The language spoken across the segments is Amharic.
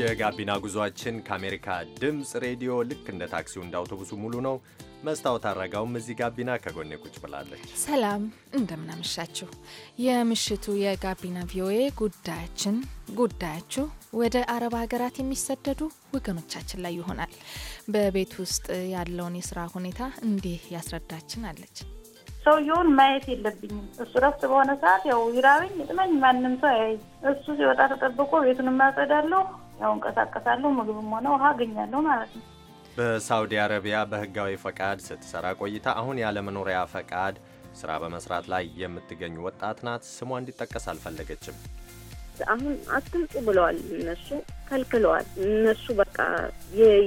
የጋቢና ጉዟችን ከአሜሪካ ድምፅ ሬዲዮ ልክ እንደ ታክሲው እንደ አውቶቡሱ ሙሉ ነው። መስታወት አረጋውም እዚህ ጋቢና ከጎኔ ቁጭ ብላለች። ሰላም እንደምናመሻችሁ። የምሽቱ የጋቢና ቪኦኤ ጉዳያችን ጉዳያችሁ ወደ አረብ ሀገራት የሚሰደዱ ወገኖቻችን ላይ ይሆናል። በቤት ውስጥ ያለውን የስራ ሁኔታ እንዲህ ያስረዳችን አለች። ሰውየውን ማየት የለብኝም። እሱ ረፍት በሆነ ሰዓት ያው ይራበኝ፣ ይጥመኝ፣ ማንም ሰው ያይ። እሱ ሲወጣ ተጠብቆ ቤቱን ማጸዳለሁ ያው እንቀሳቀሳለሁ፣ ምግብም ሆነ ውሃ አገኛለሁ ማለት ነው። በሳውዲ አረቢያ በህጋዊ ፈቃድ ስትሰራ ቆይታ አሁን ያለመኖሪያ ፈቃድ ስራ በመስራት ላይ የምትገኝ ወጣት ናት። ስሟ እንዲጠቀስ አልፈለገችም። አሁን አትምጡ ብለዋል እነሱ ከልክለዋል። እነሱ በቃ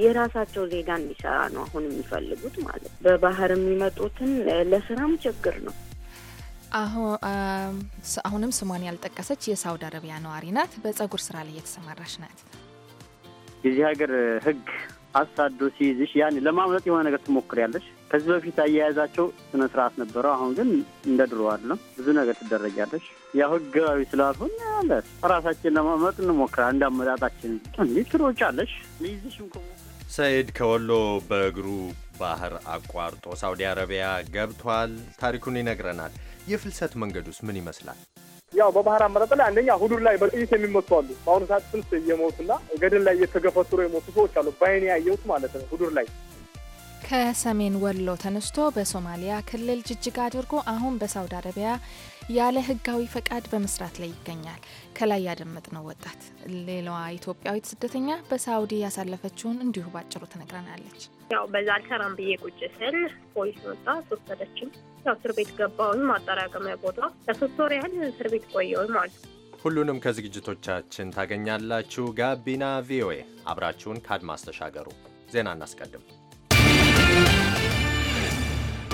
የራሳቸው ዜጋ እንዲሰራ ነው አሁን የሚፈልጉት ማለት በባህር የሚመጡትን ለስራም ችግር ነው። አሁንም ስሟን ያልጠቀሰች የሳውዲ አረቢያ ነዋሪ ናት። በጸጉር ስራ ላይ የተሰማራች ናት። የዚህ ሀገር ህግ አሳዶ ሲይዝሽ ያን ለማምለጥ የሆነ ነገር ትሞክሪያለሽ። ከዚህ በፊት አያያዛቸው ስነ ስርዓት ነበረው። አሁን ግን እንደ ድሮ አይደለም። ብዙ ነገር ትደረጊያለሽ። ያው ህጋዊ ስላልሆነ ያለ ራሳችን ለማምለጥ እንሞክራል። እንዳመጣጣችን እንዲህ ትሮጫለሽ። ልይዝሽ ሰይድ ከወሎ በእግሩ ባህር አቋርጦ ሳውዲ አረቢያ ገብቷል። ታሪኩን ይነግረናል። የፍልሰት መንገዱስ ምን ይመስላል? ያው በባህር አመራጠ ላይ አንደኛ ሁዱር ላይ በጥይት የሚመቱ አሉ። በአሁኑ ሰዓት ስንት እየሞቱና ገደል ላይ እየተገፈቱሮ የሞቱ ሰዎች አሉ። በአይኔ ያየሁት ማለት ነው ሁዱር ላይ ከሰሜን ወሎ ተነስቶ በሶማሊያ ክልል ጅጅጋ አድርጎ አሁን በሳውዲ አረቢያ ያለ ሕጋዊ ፈቃድ በመስራት ላይ ይገኛል። ከላይ ያደመጥነው ወጣት ሌላዋ ኢትዮጵያዊት ስደተኛ በሳውዲ ያሳለፈችውን እንዲሁ ባጭሩ ትነግረናለች። ያው በዛ አልሰራም ብዬ ቁጭ ስል ፖሊስ መጣ፣ ወሰደችም ያው እስር ቤት ገባሁኝ። ማጠራቀሚያ ቦታ ለሶስት ወር ያህል እስር ቤት ቆየሁኝ ማለት ነው። ሁሉንም ከዝግጅቶቻችን ታገኛላችሁ። ጋቢና ቪኦኤ አብራችሁን ከአድማስ ተሻገሩ። ዜና እናስቀድም።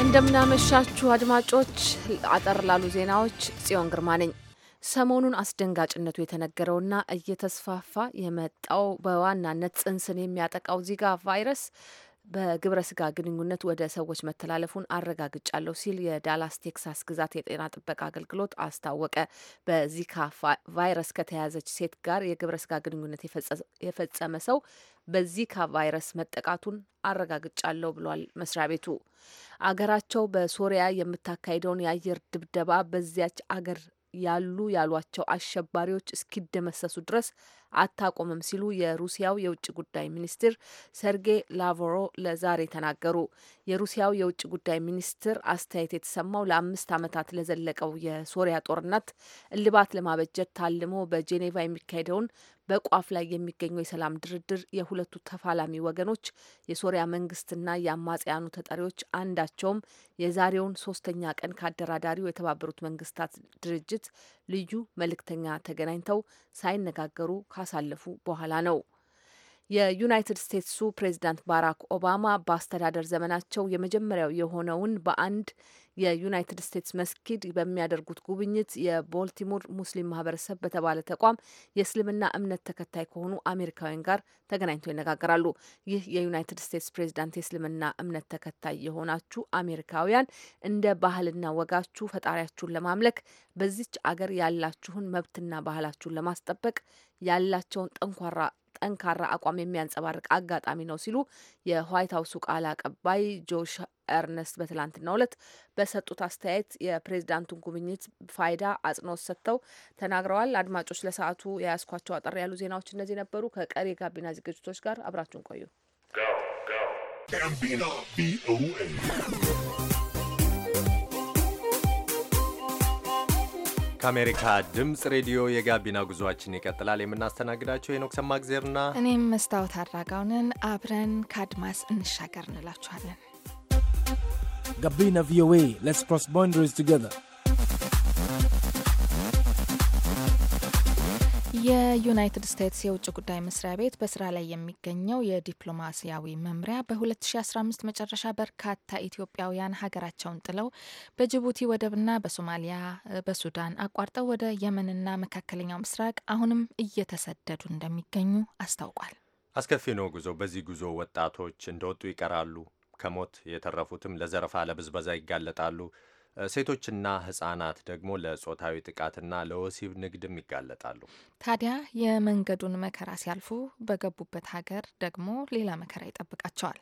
እንደምናመሻችሁ አድማጮች፣ አጠር ላሉ ዜናዎች ጽዮን ግርማ ነኝ። ሰሞኑን አስደንጋጭነቱ የተነገረውና እየተስፋፋ የመጣው በዋናነት ጽንስን የሚያጠቃው ዚጋ ቫይረስ በግብረ ስጋ ግንኙነት ወደ ሰዎች መተላለፉን አረጋግጫለሁ ሲል የዳላስ ቴክሳስ ግዛት የጤና ጥበቃ አገልግሎት አስታወቀ። በዚካ ቫይረስ ከተያዘች ሴት ጋር የግብረ ስጋ ግንኙነት የፈጸመ ሰው በዚካ ቫይረስ መጠቃቱን አረጋግጫለሁ ብሏል መስሪያ ቤቱ። አገራቸው በሶሪያ የምታካሂደውን የአየር ድብደባ በዚያች አገር ያሉ ያሏቸው አሸባሪዎች እስኪደመሰሱ ድረስ አታቆምም ሲሉ የሩሲያው የውጭ ጉዳይ ሚኒስትር ሰርጌይ ላቭሮ ለዛሬ ተናገሩ። የሩሲያው የውጭ ጉዳይ ሚኒስትር አስተያየት የተሰማው ለአምስት ዓመታት ለዘለቀው የሶሪያ ጦርነት እልባት ለማበጀት ታልሞ በጄኔቫ የሚካሄደውን በቋፍ ላይ የሚገኘው የሰላም ድርድር የሁለቱ ተፋላሚ ወገኖች የሶሪያ መንግስትና የአማጽያኑ ተጠሪዎች አንዳቸውም የዛሬውን ሶስተኛ ቀን ከአደራዳሪው የተባበሩት መንግስታት ድርጅት ልዩ መልእክተኛ ተገናኝተው ሳይነጋገሩ ካሳለፉ በኋላ ነው። የዩናይትድ ስቴትሱ ፕሬዚዳንት ባራክ ኦባማ በአስተዳደር ዘመናቸው የመጀመሪያው የሆነውን በአንድ የዩናይትድ ስቴትስ መስጊድ በሚያደርጉት ጉብኝት የቦልቲሞር ሙስሊም ማህበረሰብ በተባለ ተቋም የእስልምና እምነት ተከታይ ከሆኑ አሜሪካውያን ጋር ተገናኝተው ይነጋገራሉ። ይህ የዩናይትድ ስቴትስ ፕሬዚዳንት የእስልምና እምነት ተከታይ የሆናችሁ አሜሪካውያን እንደ ባህልና ወጋችሁ ፈጣሪያችሁን ለማምለክ በዚች አገር ያላችሁን መብትና ባህላችሁን ለማስጠበቅ ያላቸውን ጠንኳራ ጠንካራ አቋም የሚያንጸባርቅ አጋጣሚ ነው ሲሉ የዋይት ሀውሱ ቃል አቀባይ ጆሽ ኤርነስት በትላንትናው ዕለት በሰጡት አስተያየት የፕሬዚዳንቱን ጉብኝት ፋይዳ አጽንኦት ሰጥተው ተናግረዋል። አድማጮች፣ ለሰዓቱ የያዝኳቸው አጠር ያሉ ዜናዎች እነዚህ ነበሩ። ከቀሪ የጋቢና ዝግጅቶች ጋር አብራችሁን ቆዩ። ከአሜሪካ ድምፅ ሬዲዮ የጋቢና ጉዞአችን ይቀጥላል። የምናስተናግዳቸው የኖክ ሰማግዜርና እኔም መስታወት አድራጋውንን አብረን ከአድማስ እንሻገር እንላችኋለን። ጋቢና ቪኦኤ ሌትስ ክሮስ ቦንደሪስ ቱጌዘር የዩናይትድ ስቴትስ የውጭ ጉዳይ መስሪያ ቤት በስራ ላይ የሚገኘው የዲፕሎማሲያዊ መምሪያ በ2015 መጨረሻ በርካታ ኢትዮጵያውያን ሀገራቸውን ጥለው በጅቡቲ ወደብና በሶማሊያ በሱዳን አቋርጠው ወደ የመንና መካከለኛው ምስራቅ አሁንም እየተሰደዱ እንደሚገኙ አስታውቋል። አስከፊ ነው ጉዞ። በዚህ ጉዞ ወጣቶች እንደወጡ ይቀራሉ። ከሞት የተረፉትም ለዘረፋ ለብዝበዛ ይጋለጣሉ። ሴቶችና ህጻናት ደግሞ ለጾታዊ ጥቃትና ለወሲብ ንግድም ይጋለጣሉ። ታዲያ የመንገዱን መከራ ሲያልፉ በገቡበት ሀገር ደግሞ ሌላ መከራ ይጠብቃቸዋል።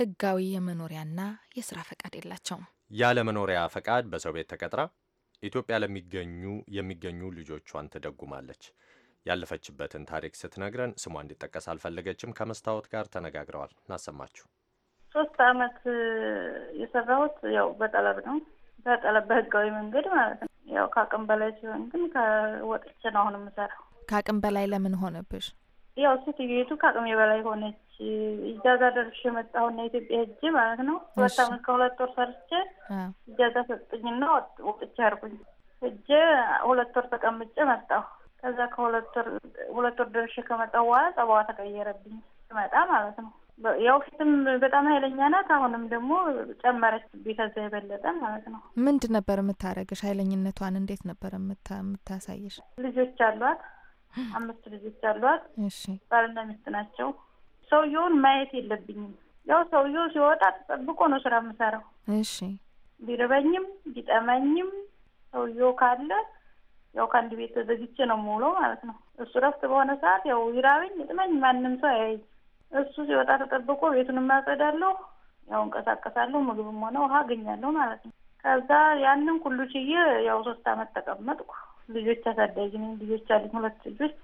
ህጋዊ የመኖሪያና የስራ ፈቃድ የላቸውም። ያለ መኖሪያ ፈቃድ በሰው ቤት ተቀጥራ ኢትዮጵያ ለሚገኙ የሚገኙ ልጆቿን ትደጉማለች። ያለፈችበትን ታሪክ ስትነግረን ስሟ እንዲጠቀስ አልፈለገችም። ከመስታወት ጋር ተነጋግረዋል። እናሰማችሁ። ሶስት አመት የሰራሁት ያው በጠለብ ነው በጠለ በህጋዊ መንገድ ማለት ነው። ያው ከአቅም በላይ ሲሆን ግን ከወጥቼ ነው አሁን የምሰራው። ከአቅም በላይ ለምን ሆነብሽ? ያው ሴትዮቱ ከአቅም በላይ ሆነች። እጃዛ ደርሼ የመጣሁና ኢትዮጵያ እጅ ማለት ነው። ሁለት አመት ከሁለት ወር ሰርቼ እጃዛ ሰጡኝና ወጥቼ አርጉኝ ሄጄ ሁለት ወር ተቀምጬ መጣሁ። ከዛ ከሁለት ወር ሁለት ወር ደርሼ ከመጣሁ በኋላ ጸባዋ ተቀየረብኝ ስመጣ ማለት ነው። ያው ፊትም በጣም ኃይለኛ ናት። አሁንም ደግሞ ጨመረች ከዛ የበለጠ ማለት ነው። ምንድን ነበር የምታረግሽ? ኃይለኝነቷን እንዴት ነበር የምታሳይሽ? ልጆች አሏት፣ አምስት ልጆች አሏት። ባልና ሚስት ናቸው። ሰውየውን ማየት የለብኝም። ያው ሰውየው ሲወጣ ተጠብቆ ነው ስራ የምሰራው። እሺ ቢርበኝም ቢጠመኝም ሰውየው ካለ ያው ከአንድ ቤት ተዘግቼ ነው የምውለው ማለት ነው። እሱ ረፍት በሆነ ሰዓት ያው ይራበኝ ይጥመኝ ማንም ሰው አያይ እሱ ሲወጣ ተጠብቆ ቤቱን አጸዳለሁ ያው እንቀሳቀሳለሁ፣ ምግብም ሆነ ውሃ አገኛለሁ ማለት ነው። ከዛ ያንን ሁሉ ችዬ ያው ሶስት አመት ተቀመጥኩ። ልጆች አሳዳጊ ነኝ። ልጆች አሉኝ፣ ሁለት ልጆች።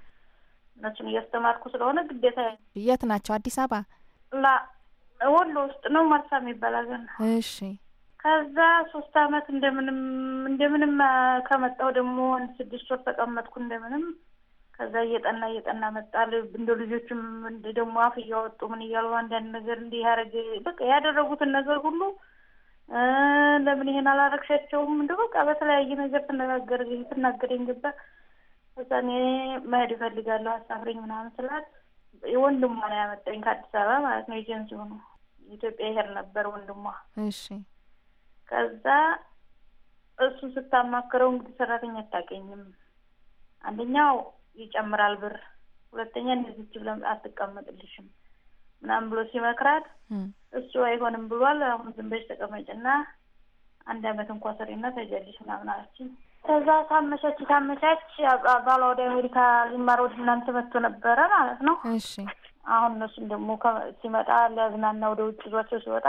እነሱን እያስተማርኩ ስለሆነ ግዴታ። የት ናቸው? አዲስ አበባ ላ ወሎ ውስጥ ነው፣ ማርሳ የሚባል እሺ። ከዛ ሶስት አመት እንደምንም እንደምንም ከመጣሁ ደግሞ ስድስት ወር ተቀመጥኩ እንደምንም ከዛ እየጠና እየጠና መጣል እንደ ልጆችም ደግሞ አፍ እያወጡ ምን እያሉ አንዳንድ ነገር እንዲህ ያደረግ በቃ ያደረጉትን ነገር ሁሉ ለምን ይሄን አላረግሻቸውም እንደ በቃ በተለያየ ነገር ትነጋገር ትናገረኝ ገባ። ከዛ እኔ መሄድ እፈልጋለሁ አሳፍረኝ ምናምን ስላት ወንድሟ ነው ያመጣኝ ከአዲስ አበባ ማለት ነው። ኤጀንሲ ሆኖ ኢትዮጵያ ይሄር ነበር ወንድሟ። እሺ ከዛ እሱ ስታማክረው እንግዲህ ሰራተኛ አታገኝም አንደኛው ይጨምራል ብር፣ ሁለተኛ እንደዚች ብለ አትቀመጥልሽም ምናምን ብሎ ሲመክራት እሱ አይሆንም ብሏል። አሁን ዝም በሽ ተቀመጭና አንድ አመት እንኳ ሰሪና ተጀልሽ ምናምን አለችኝ። ከዛ ታመቻች ታመቻች ባሏ ወደ አሜሪካ ሊማር ወደ እናንተ መጥቶ ነበረ ማለት ነው። እሺ አሁን እነሱም ደግሞ ሲመጣ ሊያዝናና ወደ ውጭ ይዟቸው ሲወጣ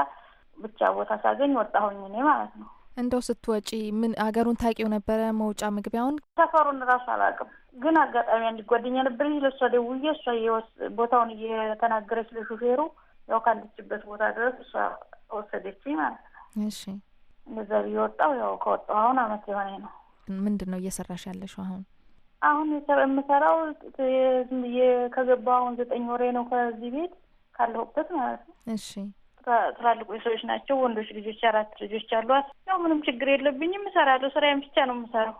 ብቻ ቦታ ሳገኝ ወጣሁኝ እኔ ማለት ነው። እንደው ስትወጪ ምን አገሩን ታውቂው ነበረ? መውጫ መግቢያውን ሰፈሩን እራሱ አላውቅም። ግን አጋጣሚ አንድ ጓደኛ ለእሷ ደውዬ እሷ ቦታውን እየተናገረች ለሹፌሩ ያው ካለችበት ቦታ ድረስ እሷ ወሰደችኝ ማለት ነው። እሺ እንደዛ ብዬ ወጣሁ። ያው ከወጣሁ አሁን አመት የሆነ ነው። ምንድን ነው እየሰራሽ ያለሽው አሁን? አሁን የምሰራው ዝም ከገባሁ አሁን ዘጠኝ ወሬ ነው ከዚህ ቤት ካለሁበት ማለት ነው። እሺ ትላልቁ ሰዎች ናቸው ወንዶች ልጆች፣ አራት ልጆች አሏት። ያው ምንም ችግር የለብኝም እሰራለሁ። ስራዬን ብቻ ነው የምሰራው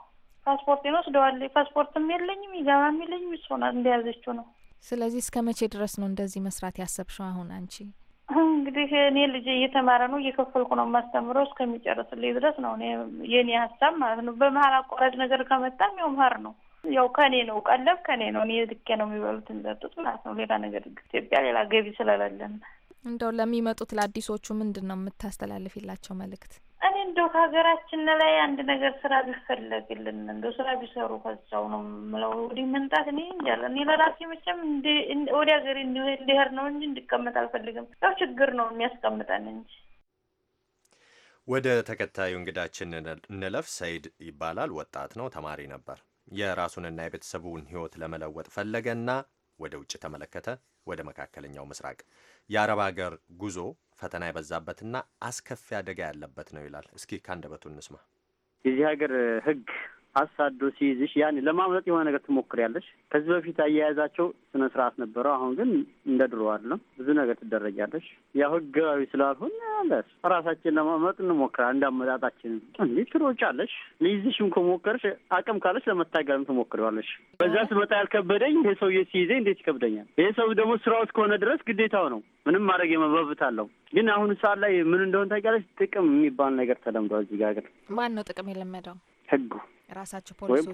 ፓስፖርት ወስደዋል። ፓስፖርትም የለኝም ይዛባም የለኝም። እሱ ሆና እንደያዘችው ነው። ስለዚህ እስከ መቼ ድረስ ነው እንደዚህ መስራት ያሰብሽው? አሁን አንቺ እንግዲህ እኔ ልጄ እየተማረ ነው፣ እየከፈልኩ ነው የማስተምረው እስከሚጨርስልኝ ድረስ ነው የኔ ሀሳብ ማለት ነው። በመሀል አቋራጭ ነገር ከመጣም ያው መሀር ነው ያው ከኔ ነው ቀለብ ከኔ ነው። እኔ ልኬ ነው የሚበሉት የሚጠጡት ማለት ነው። ሌላ ነገር ኢትዮጵያ ሌላ ገቢ ስለሌለን እንደው ለሚመጡት ለአዲሶቹ ምንድን ነው የምታስተላልፊላቸው መልእክት? እኔ እንደው ከሀገራችን ላይ አንድ ነገር ስራ ቢፈለግልን እንደው ስራ ቢሰሩ ከዛው ነው የምለው። ወዲህ መምጣት እኔ እንጃለ እኔ ለራሴ መቼም ወደ ሀገር እንዲሄድ ነው እንጂ እንድቀመጥ አልፈልግም። ያው ችግር ነው የሚያስቀምጠን እንጂ። ወደ ተከታዩ እንግዳችን እንለፍ። ሰይድ ይባላል። ወጣት ነው፣ ተማሪ ነበር። የራሱንና የቤተሰቡን ህይወት ለመለወጥ ፈለገና ወደ ውጭ ተመለከተ፣ ወደ መካከለኛው ምስራቅ። የአረብ ሀገር ጉዞ ፈተና የበዛበትና አስከፊ አደጋ ያለበት ነው ይላል። እስኪ ከአንደበቱ እንስማ። የዚህ ሀገር ህግ አሳዶ ሲይዝሽ ያን ለማምለጥ የሆነ ነገር ትሞክሪያለሽ። ከዚህ በፊት አያያዛቸው ስነ ስርዓት ነበረው። አሁን ግን እንደ ድሮ አይደለም። ብዙ ነገር ትደረጊያለሽ። ያው ህጋዊ ስላልሆን ያለ ራሳችን ለማምለጥ እንሞክራለን። እንዳመጣጣችን እንዲህ ትሮጫለሽ። ሊይዝሽም ከሞከርሽ አቅም ካለሽ ለመታገልም ትሞክሪዋለሽ። በዛ ስመጣ ያልከበደኝ ይሄ ሰውዬ ሲይዘኝ እንዴት ይከብደኛል? ይሄ ሰው ደግሞ ስራው እስከሆነ ድረስ ግዴታው ነው። ምንም ማድረግ የመበብት አለው። ግን አሁን ሰዓት ላይ ምን እንደሆነ ታውቂያለሽ? ጥቅም የሚባል ነገር ተለምዷል እዚህ ጋር። ማን ነው ጥቅም የለመደው? ህጉ ራሳቸው ወይም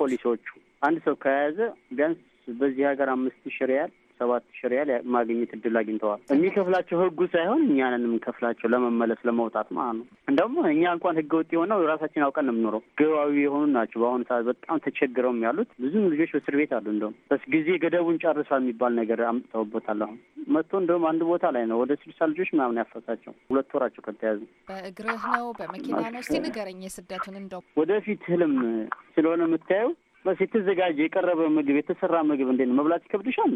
አንድ ሰው ከያዘ ቢያንስ በዚህ ሀገር አምስት ሺ ሪያል ሰባት ሺ ሪያል ማግኘት እድል አግኝተዋል። የሚከፍላቸው ህጉ ሳይሆን እኛንን የምንከፍላቸው ለመመለስ ለመውጣት ማለት ነው። እንደውም እኛ እንኳን ህገ ወጥ የሆነው ራሳችን አውቀን ነው የምኖረው። ግባዊ የሆኑ ናቸው። በአሁኑ ሰዓት በጣም ተቸግረውም ያሉት ብዙም ልጆች በእስር ቤት አሉ። እንደውም በስ ጊዜ ገደቡን ጨርሷል የሚባል ነገር አምጥተውበታል። አሁን መጥቶ እንደውም አንድ ቦታ ላይ ነው ወደ ስልሳ ልጆች ምናምን ያፈሳቸው ሁለት ወራቸው ከተያዙ። በእግርህ ነው በመኪና ነው? እስቲ ንገረኝ የስደቱን እንደው ወደፊት ህልም ስለሆነ የምታየው በስ የተዘጋጀ የቀረበ ምግብ የተሰራ ምግብ እንዴ መብላት ይከብድሻል?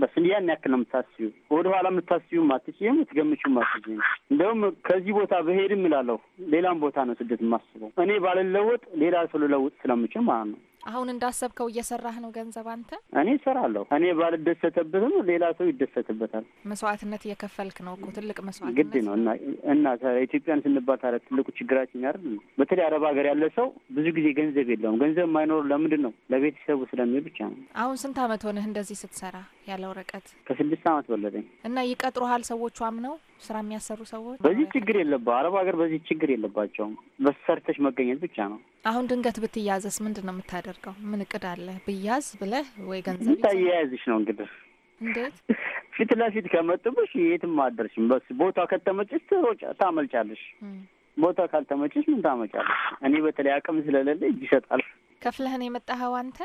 በስል ያን ያክል ነው የምታስዩ። ወደ ኋላ የምታስዩም አትችይም፣ ትገምቹም አትችይም። እንደውም ከዚህ ቦታ ብሄድም እላለሁ ሌላም ቦታ ነው ስደት የማስበው እኔ ባልለወጥ ሌላ ሰው ልለውጥ ስለምችል ማለት ነው። አሁን እንዳሰብከው እየሰራህ ነው ገንዘብ አንተ? እኔ እሰራለሁ። እኔ ባልደሰተበትም ሌላ ሰው ይደሰትበታል። መስዋዕትነት እየከፈልክ ነው እኮ ትልቅ መስዋዕት ግድ ነው እና እና ኢትዮጵያን ስንባል ትልቁ ችግራችን ያር በተለይ አረብ ሀገር ያለ ሰው ብዙ ጊዜ ገንዘብ የለውም። ገንዘብ የማይኖሩ ለምንድን ነው? ለቤተሰቡ ስለሚል ብቻ ነው። አሁን ስንት አመት ሆነህ እንደዚህ ስትሰራ ያለ ወረቀት? ከስድስት አመት በለጠኝ እና ይቀጥሮሃል ሰዎቹ አምነው ስራ የሚያሰሩ ሰዎች በዚህ ችግር የለባ አረብ ሀገር በዚህ ችግር የለባቸውም። በሰርተሽ መገኘት ብቻ ነው። አሁን ድንገት ብትያዘስ ምንድን ነው የምታደርገው? ምን እቅድ አለ? ብያዝ ብለህ ወይ ገንዘብ ታያያዝሽ ነው እንግዲህ እንዴት ፊት ለፊት ከመጡብሽ የትም አደርሽም። በስ ቦታ ከተመችሽ ትሮጫ ታመልጫለሽ። ቦታ ካልተመችሽ ምን ታመጫለሽ? እኔ በተለይ አቅም ስለሌለ እጅ ይሰጣል። ከፍለህን የመጣኸው አንተ?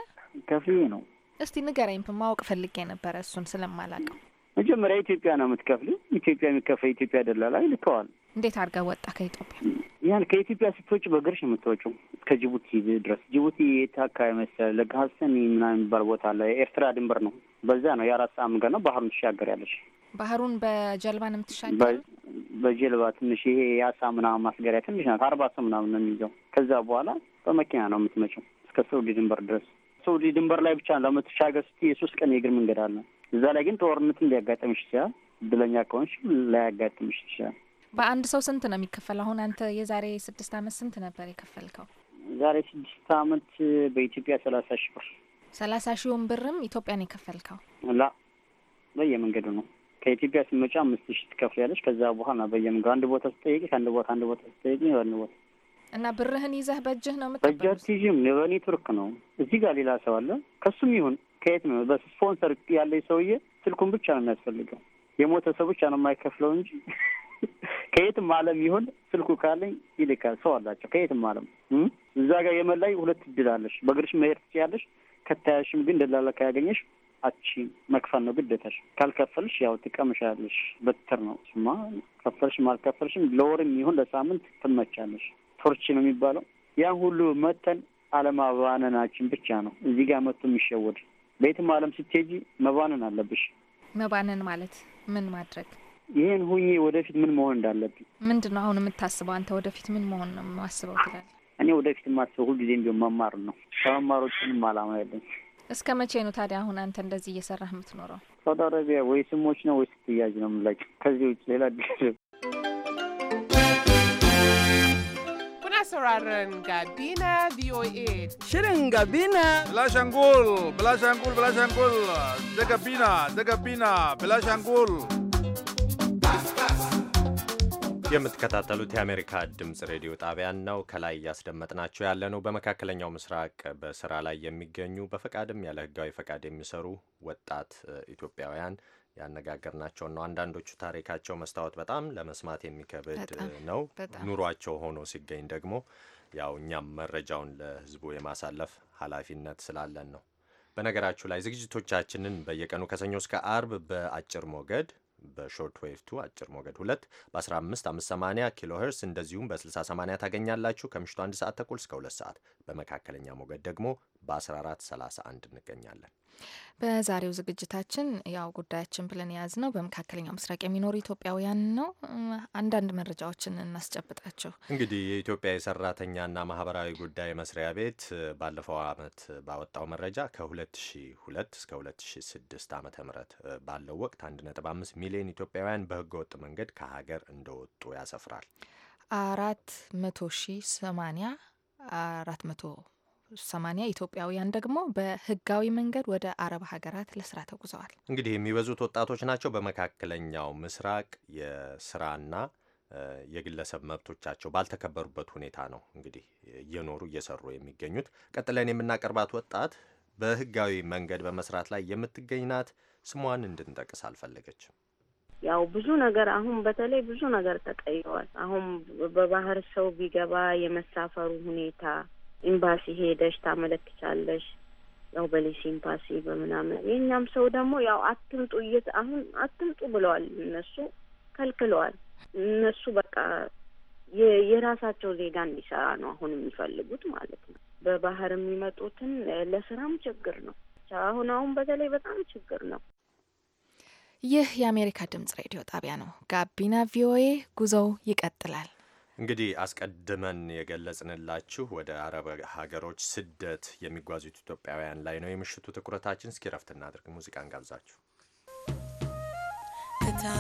ከፍዬ ነው። እስቲ ንገረኝ፣ ማወቅ ፈልጌ ነበረ እሱን ስለማላውቀው። መጀመሪያ ኢትዮጵያ ነው የምትከፍል። ኢትዮጵያ የሚከፈል ኢትዮጵያ ደላላ ይልከዋል። እንዴት አድርገህ ወጣ ከኢትዮጵያ? ያን ከኢትዮጵያ ስትወጪ በእግርሽ ነው የምትወጪው ጅቡቲ ድረስ። ጅቡቲ የት አካባቢ መሰለህ? ለጋሰኒ ምናምን የሚባል ቦታ አለ። የኤርትራ ድንበር ነው። በዛ ነው የአራት ሰዓት መንገድ ነው። ባህሩን ትሻገር ያለች ባህሩን በጀልባ ነው የምትሻገር። በጀልባ ትንሽ ይሄ የአሳ ምናምን ማስገሪያ ትንሽ ናት። አርባ ሰው ምናምን ነው የሚይዘው። ከዛ በኋላ በመኪና ነው የምትመጪው እስከ ሰውዲ ድንበር ድረስ። ሰውዲ ድንበር ላይ ብቻ ለመተሻገር ስትይ የሶስት ቀን የእግር መንገድ አለ። እዛ ላይ ግን ጦርነትም ሊያጋጠምሽ ይችላል። እድለኛ ከሆንሽ ላያጋጥምሽ ይችላል። በአንድ ሰው ስንት ነው የሚከፈለው? አሁን አንተ የዛሬ ስድስት አመት ስንት ነበር የከፈልከው? ዛሬ ስድስት አመት በኢትዮጵያ ሰላሳ ሺ ብር ሰላሳ ሺውን ብርም ኢትዮጵያን የከፈልከው ላ በየመንገዱ ነው። ከኢትዮጵያ ስመጪ አምስት ሺ ትከፍያለች። ከዛ በኋላ በየመንገዱ አንድ ቦታ ስጠየቂ ከአንድ ቦታ አንድ ቦታ ስጠየቂ በአንድ ቦታ እና ብርህን ይዘህ በእጅህ ነው ምት በኔትወርክ ነው። እዚህ ጋር ሌላ ሰው አለ። ከሱም ይሁን ከየት ነው በስፖንሰር ያለኝ ሰውዬ ስልኩን ብቻ ነው የሚያስፈልገው። የሞተ ሰው ብቻ ነው የማይከፍለው እንጂ ከየትም ዓለም ይሁን ስልኩ ካለኝ ይልካል። ሰው አላቸው ከየትም ዓለም እዛ ጋር የመን ላይ ሁለት እድል አለሽ። በእግርሽ መሄድ ትችያለሽ። ከታያሽም ግን ደላላ ካያገኘሽ አቺ መክፈል ነው ግዴታሽ። ካልከፈልሽ ያው ትቀምሻለሽ። በትር ነው ስማ። ከፈልሽም አልከፈልሽም ለወርም ይሁን ለሳምንት ትመቻለሽ። ቶርች ነው የሚባለው። ያን ሁሉ መተን አለማባነናችን ብቻ ነው እዚህ ጋር መቶ የሚሸወድ። በየትም ዓለም ስትሄጂ መባነን አለብሽ። መባነን ማለት ምን ማድረግ ይህን ሁኜ ወደፊት ምን መሆን እንዳለብኝ ምንድን ነው አሁን የምታስበው አንተ? ወደፊት ምን መሆን ነው የማስበው ትላለህ? እኔ ወደፊት የማስበው ሁልጊዜም ቢሆን መማር ነው። ከመማሮች ምንም አላማ ያለኝ። እስከ መቼ ነው ታዲያ አሁን አንተ እንደዚህ እየሰራህ የምትኖረው? ሳውዲ አረቢያ ወይ ስሞች ነው ወይ ስትያጅ ነው የምንላቸው። ከዚህ ውጭ ሌላ sauraron Gabina VOA. Shirin Gabina. Bilashangul, Bilashangul, Bilashangul. Da የምትከታተሉት የአሜሪካ ድምፅ ሬዲዮ ጣቢያን ነው። ከላይ እያስደመጥናቸው ያለ ነው በመካከለኛው ምስራቅ በስራ ላይ የሚገኙ በፈቃድም ያለ ህጋዊ ፈቃድ የሚሰሩ ወጣት ኢትዮጵያውያን ያነጋገርናቸው ነው። አንዳንዶቹ ታሪካቸው መስታወት በጣም ለመስማት የሚከብድ ነው። ኑሯቸው ሆኖ ሲገኝ ደግሞ ያው እኛም መረጃውን ለህዝቡ የማሳለፍ ኃላፊነት ስላለን ነው። በነገራችሁ ላይ ዝግጅቶቻችንን በየቀኑ ከሰኞ እስከ አርብ በአጭር ሞገድ በሾርት ዌቭ ቱ አጭር ሞገድ ሁለት በ15580 ኪሎ ሄርስ እንደዚሁም በ6080 ታገኛላችሁ። ከምሽቱ 1 ሰዓት ተኩል እስከ 2 ሰዓት በመካከለኛ ሞገድ ደግሞ በ1431 እንገኛለን። በዛሬው ዝግጅታችን ያው ጉዳያችን ብለን የያዝነው በመካከለኛው ምስራቅ የሚኖሩ ኢትዮጵያውያን ነው። አንዳንድ መረጃዎችን እናስጨብጣቸው። እንግዲህ የኢትዮጵያ የሰራተኛና ማህበራዊ ጉዳይ መስሪያ ቤት ባለፈው ዓመት ባወጣው መረጃ ከ2002 እስከ 2006 ዓ ም ባለው ወቅት 1.5 ሚሊዮን ኢትዮጵያውያን በህገወጥ መንገድ ከሀገር እንደወጡ ያሰፍራል። አራት መቶ ሺህ አራት መቶ ሰማኒያ ኢትዮጵያውያን ደግሞ በህጋዊ መንገድ ወደ አረብ ሀገራት ለስራ ተጉዘዋል። እንግዲህ የሚበዙት ወጣቶች ናቸው። በመካከለኛው ምስራቅ የስራና የግለሰብ መብቶቻቸው ባልተከበሩበት ሁኔታ ነው እንግዲህ እየኖሩ እየሰሩ የሚገኙት። ቀጥለን የምናቀርባት ወጣት በህጋዊ መንገድ በመስራት ላይ የምትገኝ ናት። ስሟን እንድንጠቅስ አልፈለገችም። ያው ብዙ ነገር አሁን በተለይ ብዙ ነገር ተቀይሯል። አሁን በባህር ሰው ቢገባ የመሳፈሩ ሁኔታ ኤምባሲ ሄደሽ ታመለክቻለሽ። ያው በሌሲ ኤምባሲ በምናምን የእኛም ሰው ደግሞ ያው አትምጡ እየት አሁን አትምጡ ብለዋል እነሱ ከልክለዋል። እነሱ በቃ የራሳቸው ዜጋ እንዲሰራ ነው አሁን የሚፈልጉት ማለት ነው። በባህር የሚመጡትን ለስራም ችግር ነው። አሁን አሁን በተለይ በጣም ችግር ነው። ይህ የአሜሪካ ድምጽ ሬዲዮ ጣቢያ ነው። ጋቢና ቪኦኤ ጉዞው ይቀጥላል። እንግዲህ አስቀድመን የገለጽንላችሁ ወደ አረብ ሀገሮች ስደት የሚጓዙት ኢትዮጵያውያን ላይ ነው የምሽቱ ትኩረታችን። እስኪ ረፍት እናድርግ፣ ሙዚቃን ጋብዛችሁ እታ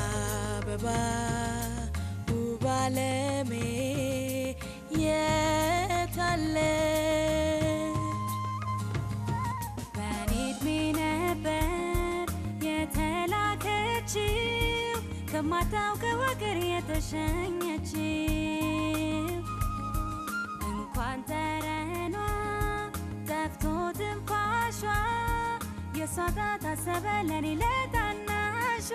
አበባ ውብ ነበር የተላከችው ከማታውቀው ሀገር የተሸኘችው እንኳን ጠረኗ ጠፍቶ ትንፋሿ የእሷ ጣት አሰበ ለኔ ለታናሿ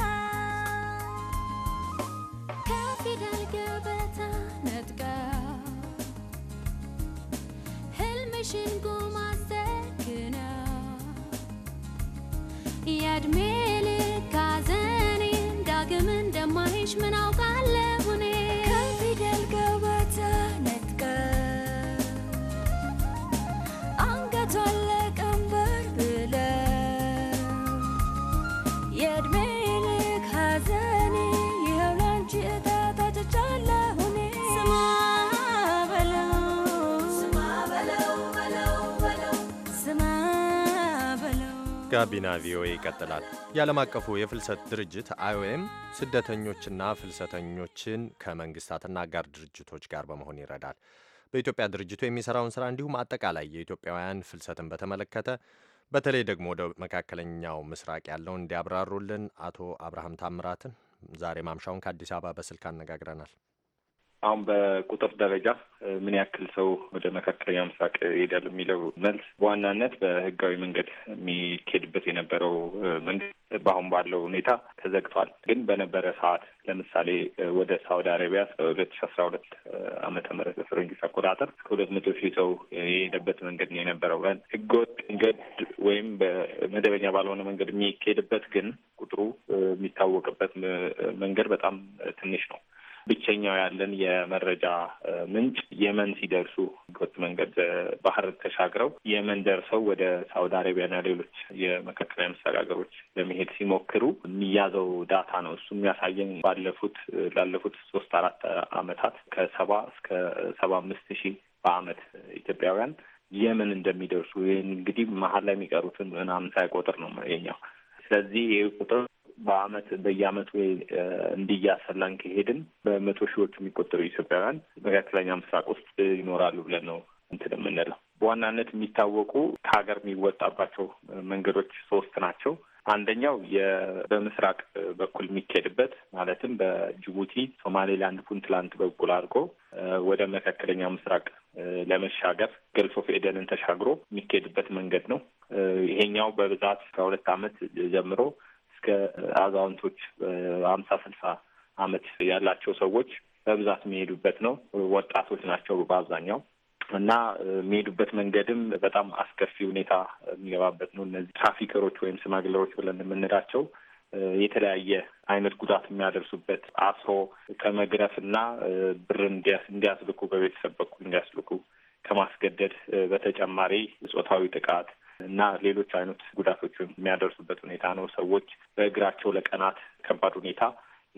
ከፊደል ገበታ ነጥቃ ህልምሽን ጎማዘክና የእድሜ ልክ ሐዘኔን ዳግም እንደማይሽ ምን አውቃ ጋቢና ቪኦኤ ይቀጥላል። የዓለም አቀፉ የፍልሰት ድርጅት አይኦኤም ስደተኞችና ፍልሰተኞችን ከመንግስታትና አጋር ድርጅቶች ጋር በመሆን ይረዳል። በኢትዮጵያ ድርጅቱ የሚሰራውን ስራ እንዲሁም አጠቃላይ የኢትዮጵያውያን ፍልሰትን በተመለከተ በተለይ ደግሞ ወደ መካከለኛው ምስራቅ ያለውን እንዲያብራሩልን አቶ አብርሃም ታምራትን ዛሬ ማምሻውን ከአዲስ አበባ በስልክ አነጋግረናል። አሁን በቁጥር ደረጃ ምን ያክል ሰው ወደ መካከለኛ ምስራቅ ይሄዳል የሚለው መልስ በዋናነት በህጋዊ መንገድ የሚኬድበት የነበረው መንገድ በአሁን ባለው ሁኔታ ተዘግቷል። ግን በነበረ ሰዓት ለምሳሌ ወደ ሳውዲ አረቢያ ሁለት ሺ አስራ ሁለት አመተ ምህረት በፈረንጆች አቆጣጠር ከሁለት መቶ ሺህ ሰው የሄደበት መንገድ ነው የነበረው። ህገወጥ መንገድ ወይም በመደበኛ ባልሆነ መንገድ የሚኬድበት ግን ቁጥሩ የሚታወቅበት መንገድ በጣም ትንሽ ነው። ብቸኛው ያለን የመረጃ ምንጭ የመን ሲደርሱ ህገወጥ መንገድ ባህር ተሻግረው የመን ደርሰው ወደ ሳውዲ አረቢያና ሌሎች የመካከላዊ ምስራቅ ሀገሮች ለመሄድ ሲሞክሩ የሚያዘው ዳታ ነው። እሱ የሚያሳየን ባለፉት ላለፉት ሶስት አራት አመታት ከሰባ እስከ ሰባ አምስት ሺህ በአመት ኢትዮጵያውያን የመን እንደሚደርሱ ይህን እንግዲህ መሀል ላይ የሚቀሩትን ምናምን ሳይቆጥር ነው ይሄኛው። ስለዚህ ይህ ቁጥር በአመት በየአመቱ ወይ እንዲያሰላን ከሄድን በመቶ ሺዎች የሚቆጠሩ ኢትዮጵያውያን መካከለኛ ምስራቅ ውስጥ ይኖራሉ ብለን ነው እንትን የምንለው። በዋናነት የሚታወቁ ከሀገር የሚወጣባቸው መንገዶች ሶስት ናቸው። አንደኛው በምስራቅ በኩል የሚካሄድበት ማለትም በጅቡቲ፣ ሶማሌላንድ፣ ፑንትላንድ በኩል አድርጎ ወደ መካከለኛ ምስራቅ ለመሻገር ገልፍ ኦፍ ኤደንን ተሻግሮ የሚካሄድበት መንገድ ነው። ይሄኛው በብዛት ከሁለት አመት ጀምሮ እስከ አዛውንቶች አምሳ ስልሳ አመት ያላቸው ሰዎች በብዛት የሚሄዱበት ነው። ወጣቶች ናቸው በአብዛኛው እና የሚሄዱበት መንገድም በጣም አስከፊ ሁኔታ የሚገባበት ነው። እነዚህ ትራፊከሮች ወይም ስማግለሮች ብለን የምንላቸው የተለያየ አይነት ጉዳት የሚያደርሱበት አስሮ ከመግረፍ እና ብር እንዲያስልኩ በቤተሰብ በኩል እንዲያስልኩ ከማስገደድ በተጨማሪ ጾታዊ ጥቃት እና ሌሎች አይነት ጉዳቶች የሚያደርሱበት ሁኔታ ነው። ሰዎች በእግራቸው ለቀናት ከባድ ሁኔታ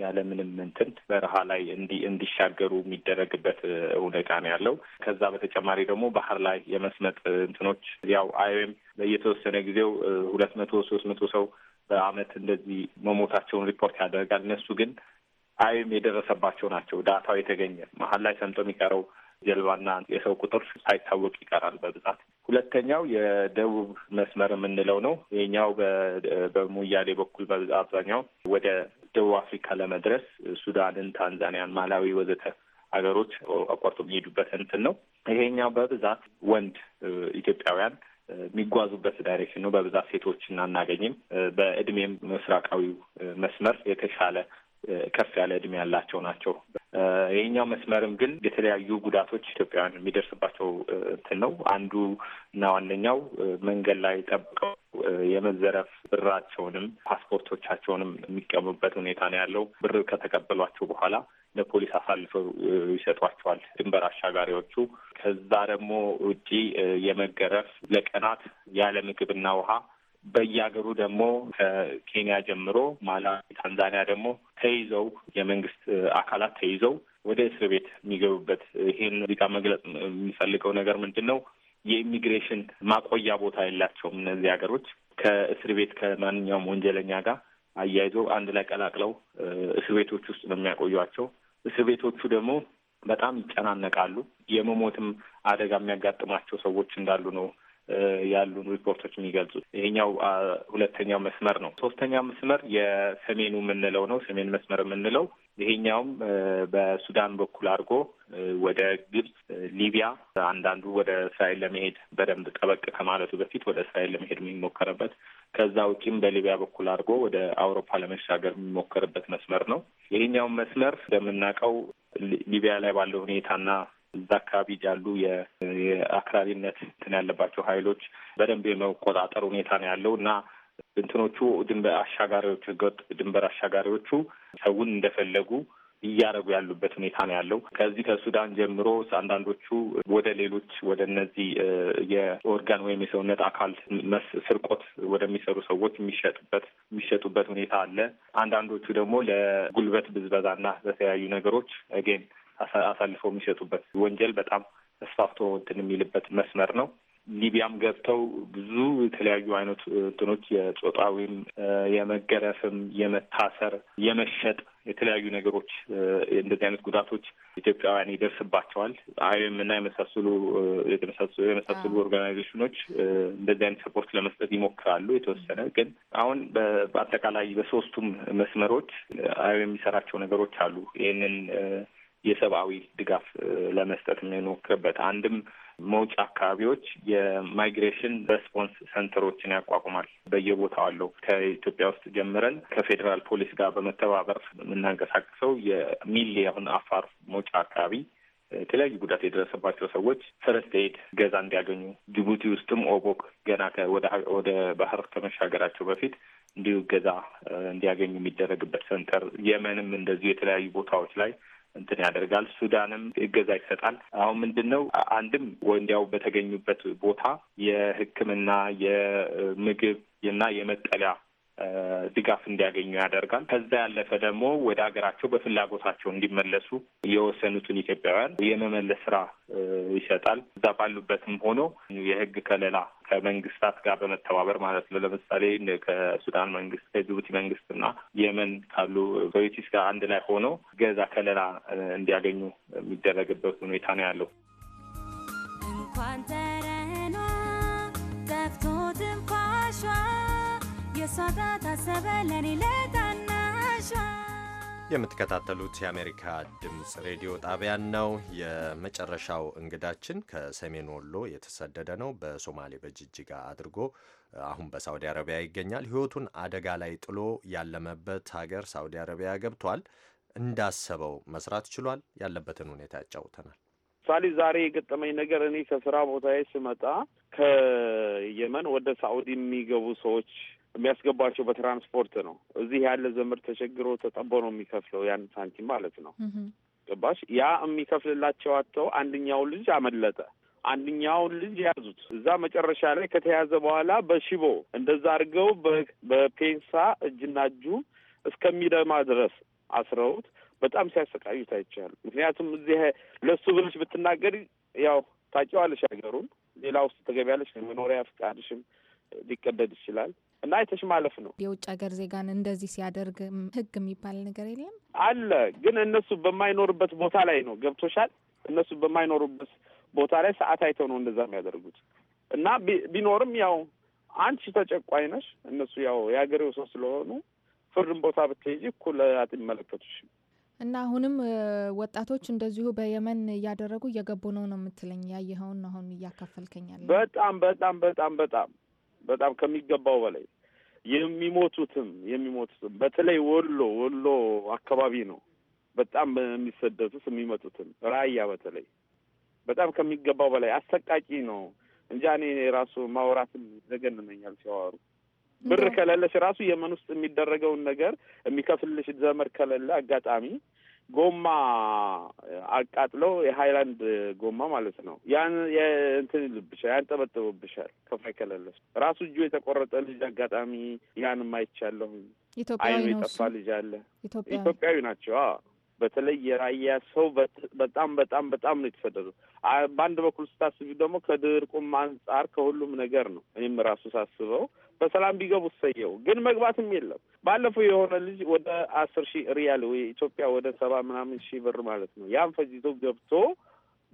ያለምንም ምንትን በረሃ ላይ እንዲ እንዲሻገሩ የሚደረግበት ሁኔታ ነው ያለው። ከዛ በተጨማሪ ደግሞ ባህር ላይ የመስመጥ እንትኖች ያው አይወይም በየተወሰነ ጊዜው ሁለት መቶ ሶስት መቶ ሰው በአመት እንደዚህ መሞታቸውን ሪፖርት ያደርጋል። እነሱ ግን አይኤም የደረሰባቸው ናቸው። ዳታው የተገኘ መሀል ላይ ሰምጦ የሚቀረው ጀልባና የሰው ቁጥር ሳይታወቅ ይቀራል በብዛት። ሁለተኛው የደቡብ መስመር የምንለው ነው። ይህኛው በሙያሌ በኩል አብዛኛው ወደ ደቡብ አፍሪካ ለመድረስ ሱዳንን፣ ታንዛኒያን፣ ማላዊ ወዘተ ሀገሮች አቋርጦ የሚሄዱበት እንትን ነው። ይሄኛው በብዛት ወንድ ኢትዮጵያውያን የሚጓዙበት ዳይሬክሽን ነው። በብዛት ሴቶች አናገኝም በእድሜም ምስራቃዊው መስመር የተሻለ ከፍ ያለ እድሜ ያላቸው ናቸው። ይህኛው መስመርም ግን የተለያዩ ጉዳቶች ኢትዮጵያውያን የሚደርስባቸው እንትን ነው። አንዱ እና ዋነኛው መንገድ ላይ ጠብቀው የመዘረፍ ብራቸውንም ፓስፖርቶቻቸውንም የሚቀሙበት ሁኔታ ነው ያለው። ብር ከተቀበሏቸው በኋላ ለፖሊስ አሳልፈው ይሰጧቸዋል ድንበር አሻጋሪዎቹ። ከዛ ደግሞ ውጪ የመገረፍ ለቀናት ያለ ምግብና ውሃ በየሀገሩ ደግሞ ከኬንያ ጀምሮ ማላዊ፣ ታንዛኒያ ደግሞ ተይዘው የመንግስት አካላት ተይዘው ወደ እስር ቤት የሚገቡበት ይህን እዚህ መግለጽ የሚፈልገው ነገር ምንድን ነው? የኢሚግሬሽን ማቆያ ቦታ የላቸውም። እነዚህ ሀገሮች ከእስር ቤት ከማንኛውም ወንጀለኛ ጋር አያይዘው አንድ ላይ ቀላቅለው እስር ቤቶች ውስጥ ነው የሚያቆዩቸው። እስር ቤቶቹ ደግሞ በጣም ይጨናነቃሉ። የመሞትም አደጋ የሚያጋጥማቸው ሰዎች እንዳሉ ነው ያሉን ሪፖርቶች የሚገልጹት። ይሄኛው ሁለተኛው መስመር ነው። ሶስተኛ መስመር የሰሜኑ የምንለው ነው። ሰሜን መስመር የምንለው ይሄኛውም በሱዳን በኩል አድርጎ ወደ ግብጽ፣ ሊቢያ አንዳንዱ ወደ እስራኤል ለመሄድ በደንብ ጠበቅ ከማለቱ በፊት ወደ እስራኤል ለመሄድ የሚሞከርበት ከዛ ውጪም በሊቢያ በኩል አድርጎ ወደ አውሮፓ ለመሻገር የሚሞከርበት መስመር ነው። ይሄኛውም መስመር እንደምናውቀው ሊቢያ ላይ ባለው ሁኔታና እዛ አካባቢ ያሉ የአክራሪነት እንትን ያለባቸው ሀይሎች በደንብ የመቆጣጠር ሁኔታ ነው ያለው እና እንትኖቹ ድንበር አሻጋሪዎቹ ህገወጥ ድንበር አሻጋሪዎቹ ሰውን እንደፈለጉ እያደረጉ ያሉበት ሁኔታ ነው ያለው። ከዚህ ከሱዳን ጀምሮ አንዳንዶቹ ወደ ሌሎች ወደ እነዚህ የኦርጋን ወይም የሰውነት አካል ስርቆት ወደሚሰሩ ሰዎች የሚሸጡበት የሚሸጡበት ሁኔታ አለ። አንዳንዶቹ ደግሞ ለጉልበት ብዝበዛና ለተለያዩ ነገሮች አጌን አሳልፈው የሚሰጡበት ወንጀል በጣም ተስፋፍቶ እንትን የሚልበት መስመር ነው። ሊቢያም ገብተው ብዙ የተለያዩ አይነት እንትኖች የጾታዊም፣ የመገረፍም፣ የመታሰር፣ የመሸጥ የተለያዩ ነገሮች እንደዚህ አይነት ጉዳቶች ኢትዮጵያውያን ይደርስባቸዋል። አይም እና የመሳሰሉ የመሳሰሉ ኦርጋናይዜሽኖች እንደዚህ አይነት ሰፖርት ለመስጠት ይሞክራሉ። የተወሰነ ግን አሁን በአጠቃላይ በሶስቱም መስመሮች አይም የሚሰራቸው ነገሮች አሉ ይህንን የሰብአዊ ድጋፍ ለመስጠት የምንሞክርበት አንድም መውጫ አካባቢዎች የማይግሬሽን ሬስፖንስ ሰንተሮችን ያቋቁማል። በየቦታው አለው። ከኢትዮጵያ ውስጥ ጀምረን ከፌዴራል ፖሊስ ጋር በመተባበር የምናንቀሳቀሰው የሚሊየን አፋር መውጫ አካባቢ የተለያዩ ጉዳት የደረሰባቸው ሰዎች ፈረስት ኤድ ገዛ እንዲያገኙ ጅቡቲ ውስጥም ኦቦክ ገና ወደ ባህር ከመሻገራቸው በፊት እንዲሁ ገዛ እንዲያገኙ የሚደረግበት ሰንተር፣ የመንም እንደዚሁ የተለያዩ ቦታዎች ላይ እንትን ያደርጋል። ሱዳንም እገዛ ይሰጣል። አሁን ምንድን ነው አንድም ወንዲያው በተገኙበት ቦታ የሕክምና የምግብ እና የመጠለያ ድጋፍ እንዲያገኙ ያደርጋል። ከዛ ያለፈ ደግሞ ወደ ሀገራቸው በፍላጎታቸው እንዲመለሱ የወሰኑትን ኢትዮጵያውያን የመመለስ ስራ ይሰጣል። እዛ ባሉበትም ሆኖ የህግ ከለላ ከመንግስታት ጋር በመተባበር ማለት ነው። ለምሳሌ ከሱዳን መንግስት፣ ከጅቡቲ መንግስት እና የመን ካሉ ሶሪቲስ ጋር አንድ ላይ ሆኖ ገዛ ከለላ እንዲያገኙ የሚደረግበት ሁኔታ ነው ያለው። እንኳን ተረህኗ ጠፍቶ ትንፋሿ የምትከታተሉት የአሜሪካ ድምፅ ሬዲዮ ጣቢያን ነው። የመጨረሻው እንግዳችን ከሰሜን ወሎ የተሰደደ ነው። በሶማሌ በጅጅጋ አድርጎ አሁን በሳውዲ አረቢያ ይገኛል። ሕይወቱን አደጋ ላይ ጥሎ ያለመበት ሀገር ሳውዲ አረቢያ ገብቷል። እንዳሰበው መስራት ችሏል። ያለበትን ሁኔታ ያጫውተናል። ምሳሌ ዛሬ የገጠመኝ ነገር እኔ ከስራ ቦታዬ ስመጣ ከየመን ወደ ሳዑዲ የሚገቡ ሰዎች የሚያስገባቸው በትራንስፖርት ነው። እዚህ ያለ ዘመድ ተቸግሮ ተጠቦ ነው የሚከፍለው ያን ሳንቲም ማለት ነው። ገባሽ? ያ የሚከፍልላቸው አጥተው አንደኛው ልጅ አመለጠ። አንደኛውን ልጅ የያዙት እዛ መጨረሻ ላይ ከተያዘ በኋላ በሽቦ እንደዛ አድርገው በፔንሳ እጅና እጁ እስከሚደማ ድረስ አስረውት በጣም ሲያሰቃዩት አይቻሉ። ምክንያቱም እዚህ ለሱ ብለሽ ብትናገር ያው ታውቂዋለሽ ሀገሩን፣ ሌላ ውስጥ ተገቢያለሽ፣ መኖሪያ ፍቃድሽም ሊቀደድ ይችላል። እና አይተሽ ማለፍ ነው። የውጭ ሀገር ዜጋን እንደዚህ ሲያደርግ ህግ የሚባል ነገር የለም አለ። ግን እነሱ በማይኖርበት ቦታ ላይ ነው ገብቶሻል። እነሱ በማይኖሩበት ቦታ ላይ ሰዓት አይተው ነው እንደዛ የሚያደርጉት እና ቢኖርም ያው አንቺ ተጨቋኝ ነሽ፣ እነሱ ያው የሀገሬው ሰው ስለሆኑ ፍርድን ቦታ ብትሄጂ እኩል አትመለከቱሽም። እና አሁንም ወጣቶች እንደዚሁ በየመን እያደረጉ እየገቡ ነው ነው የምትለኝ? ያየኸውን አሁን እያካፈልከኛል። በጣም በጣም በጣም በጣም በጣም ከሚገባው በላይ የሚሞቱትም የሚሞቱትም በተለይ ወሎ ወሎ አካባቢ ነው በጣም የሚሰደቱት የሚመጡትም ራያ በተለይ በጣም ከሚገባው በላይ አሰቃቂ ነው። እንጃ እኔ ራሱ ማውራትም ዘገንነኛል ሲያወሩ። ብር ከሌለሽ ራሱ የመን ውስጥ የሚደረገውን ነገር የሚከፍልሽ ዘመድ ከሌለ አጋጣሚ ጎማ አቃጥሎ የሀይላንድ ጎማ ማለት ነው። ያን እንትን ይልብሻል፣ ያንጠበጥብብሻል። ከፋይ ከለለሱ ራሱ እጁ የተቆረጠ ልጅ አጋጣሚ ያን ማይቻለሁ። አይኑ የጠፋ ልጅ አለ። ኢትዮጵያዊ ናቸው። በተለይ የራያ ሰው በጣም በጣም በጣም ነው የተሰደዱ። በአንድ በኩል ስታስቢ ደግሞ ከድርቁም አንጻር ከሁሉም ነገር ነው። እኔም ራሱ ሳስበው በሰላም ቢገቡ ሰየው፣ ግን መግባትም የለም። ባለፈው የሆነ ልጅ ወደ አስር ሺህ ሪያል ወይ ኢትዮጵያ ወደ ሰባ ምናምን ሺህ ብር ማለት ነው ያን ፈጅቶ ገብቶ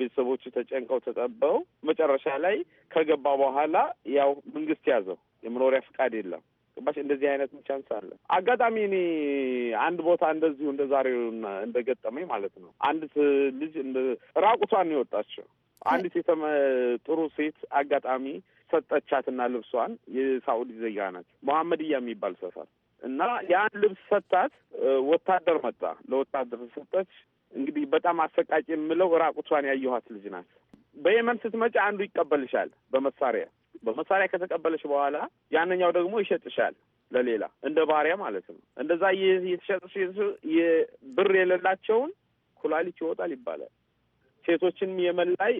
ቤተሰቦቹ ተጨንቀው ተጠበው መጨረሻ ላይ ከገባ በኋላ ያው መንግስት ያዘው። የመኖሪያ ፍቃድ የለም። ግባሽ እንደዚህ አይነት ቻንስ አለ። አጋጣሚ እኔ አንድ ቦታ እንደዚሁ እንደ ዛሬው እንደገጠመኝ ማለት ነው አንዲት ልጅ ራቁቷን የወጣችው አንዲት የተመ ጥሩ ሴት አጋጣሚ ሰጠቻትና ልብሷን የሳዑዲ ዜጋ ናት መሐመድያ የሚባል ሰፈር እና ያን ልብስ ሰጣት። ወታደር መጣ፣ ለወታደር ሰጠች። እንግዲህ በጣም አሰቃቂ የምለው ራቁቷን ያየኋት ልጅ ናት። በየመን ስትመጪ አንዱ ይቀበልሻል በመሳሪያ በመሳሪያ ከተቀበለች በኋላ ያንኛው ደግሞ ይሸጥሻል ለሌላ እንደ ባሪያ ማለት ነው። እንደዛ የተሸጥ ብር የሌላቸውን ኩላሊት ይወጣል ይባላል። ሴቶችን የመላይ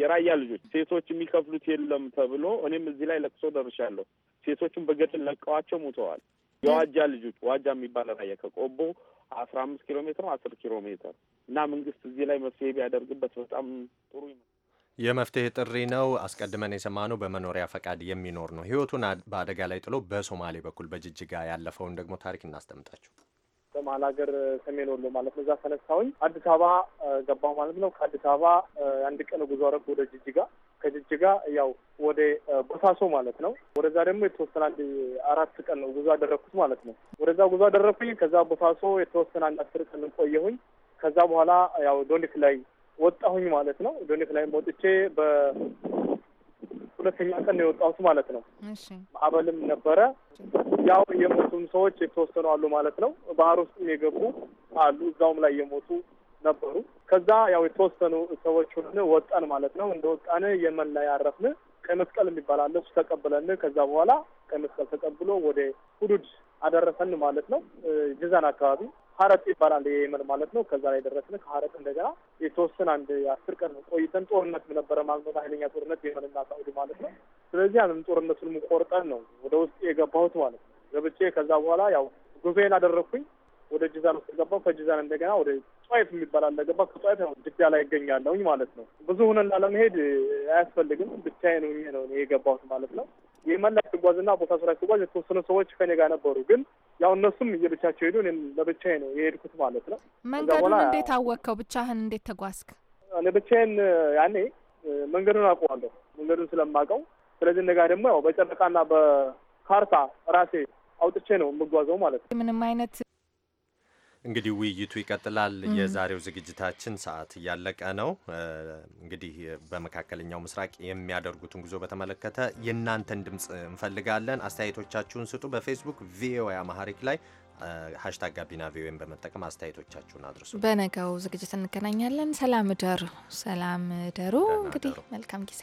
የራያ ልጆች ሴቶች የሚከፍሉት የለም ተብሎ እኔም እዚህ ላይ ለቅሶ ደርሻለሁ። ሴቶችን በገደል ለቀዋቸው ሙተዋል። የዋጃ ልጆች ዋጃ የሚባል ራያ ከቆቦ አስራ አምስት ኪሎ ሜትር አስር ኪሎ ሜትር እና መንግስት እዚህ ላይ መፍትሄ ቢያደርግበት በጣም ጥሩ የመፍትሄ ጥሪ ነው። አስቀድመን የሰማነው በመኖሪያ ፈቃድ የሚኖር ነው። ህይወቱን በአደጋ ላይ ጥሎ በሶማሌ በኩል በጅጅጋ ያለፈውን ደግሞ ታሪክ እናስደምጣችሁ። በመሀል ሀገር ሰሜን ወሎ ማለት ነው። እዛ ተነሳሁኝ አዲስ አበባ ገባሁ ማለት ነው። ከአዲስ አበባ አንድ ቀን ጉዞ አረግ ወደ ጅጅጋ፣ ከጅጅጋ ያው ወደ ቦሳሶ ማለት ነው። ወደዛ ደግሞ የተወሰነ አንድ አራት ቀን ነው ጉዞ አደረግኩት ማለት ነው። ወደዛ ጉዞ አደረግኩኝ። ከዛ ቦሳሶ የተወሰነ አንድ አስር ቀን ቆየሁኝ። ከዛ በኋላ ያው ዶኒክ ላይ ወጣሁኝ ማለት ነው። ዶኒክ ላይ ወጥቼ በ ሁለተኛ ቀን ነው የወጣሁት ማለት ነው። ማዕበልም ነበረ። ያው የሞቱም ሰዎች የተወሰኑ አሉ ማለት ነው። ባህር ውስጥም የገቡ አሉ፣ እዛውም ላይ የሞቱ ነበሩ። ከዛ ያው የተወሰኑ ሰዎች ሁን ወጣን ማለት ነው። እንደ ወጣን የመን ላይ አረፍን። ቀይ መስቀል የሚባል አለ። እሱ ተቀብለን ከዛ በኋላ ቀይ መስቀል ተቀብሎ ወደ ሁዱድ አደረሰን ማለት ነው። ጅዛን አካባቢ ሀረት ይባላል የመን ማለት ነው። ከዛ ላይ ደረስን። ከሀረት እንደገና የተወሰነ አንድ አስር ቀን ቆይተን ጦርነት ነበረ ማለት ነው። ኃይለኛ ጦርነት የመንና ሳዑዲ ማለት ነው። ስለዚህ አንም ጦርነቱን ቆርጠን ነው ወደ ውስጥ የገባሁት ማለት ነው። ገብቼ ከዛ በኋላ ያው ጉዞዬን አደረግኩኝ። ወደ ጂዛን ውስጥ ገባሁ። ከጅዛን እንደገና ወደ ጧይፍ የሚባል አለ ገባሁ። ከጧይፍ ያው ጅዳ ላይ ይገኛለሁኝ ማለት ነው። ብዙ ሁነን ላለመሄድ አያስፈልግም። ብቻዬን ሁኜ ነው የገባሁት ማለት ነው። የመላ ላይ ስጓዝና ቦታ ስራ ስጓዝ የተወሰኑ ሰዎች ከኔ ጋር ነበሩ። ግን ያው እነሱም እየብቻቸው ሄዱ፣ እኔም ለብቻዬ ነው የሄድኩት ማለት ነው። መንገዱን እንዴት አወቅከው? ብቻህን እንዴት ተጓዝክ? ለብቻዬን ያኔ መንገዱን አውቀዋለሁ፣ መንገዱን ስለማውቀው። ስለዚህ እነጋ ደግሞ ያው በጨረቃና በካርታ ራሴ አውጥቼ ነው የምጓዘው ማለት ነው። ምንም አይነት እንግዲህ ውይይቱ ይቀጥላል። የዛሬው ዝግጅታችን ሰዓት እያለቀ ነው። እንግዲህ በመካከለኛው ምስራቅ የሚያደርጉትን ጉዞ በተመለከተ የእናንተን ድምፅ እንፈልጋለን። አስተያየቶቻችሁን ስጡ። በፌስቡክ ቪኦኤ አማሃሪክ ላይ ሀሽታግ ጋቢና ቪኦኤን በመጠቀም አስተያየቶቻችሁን አድርሱ። በነገው ዝግጅት እንገናኛለን። ሰላም ደሩ፣ ሰላም ደሩ። እንግዲህ መልካም ጊዜ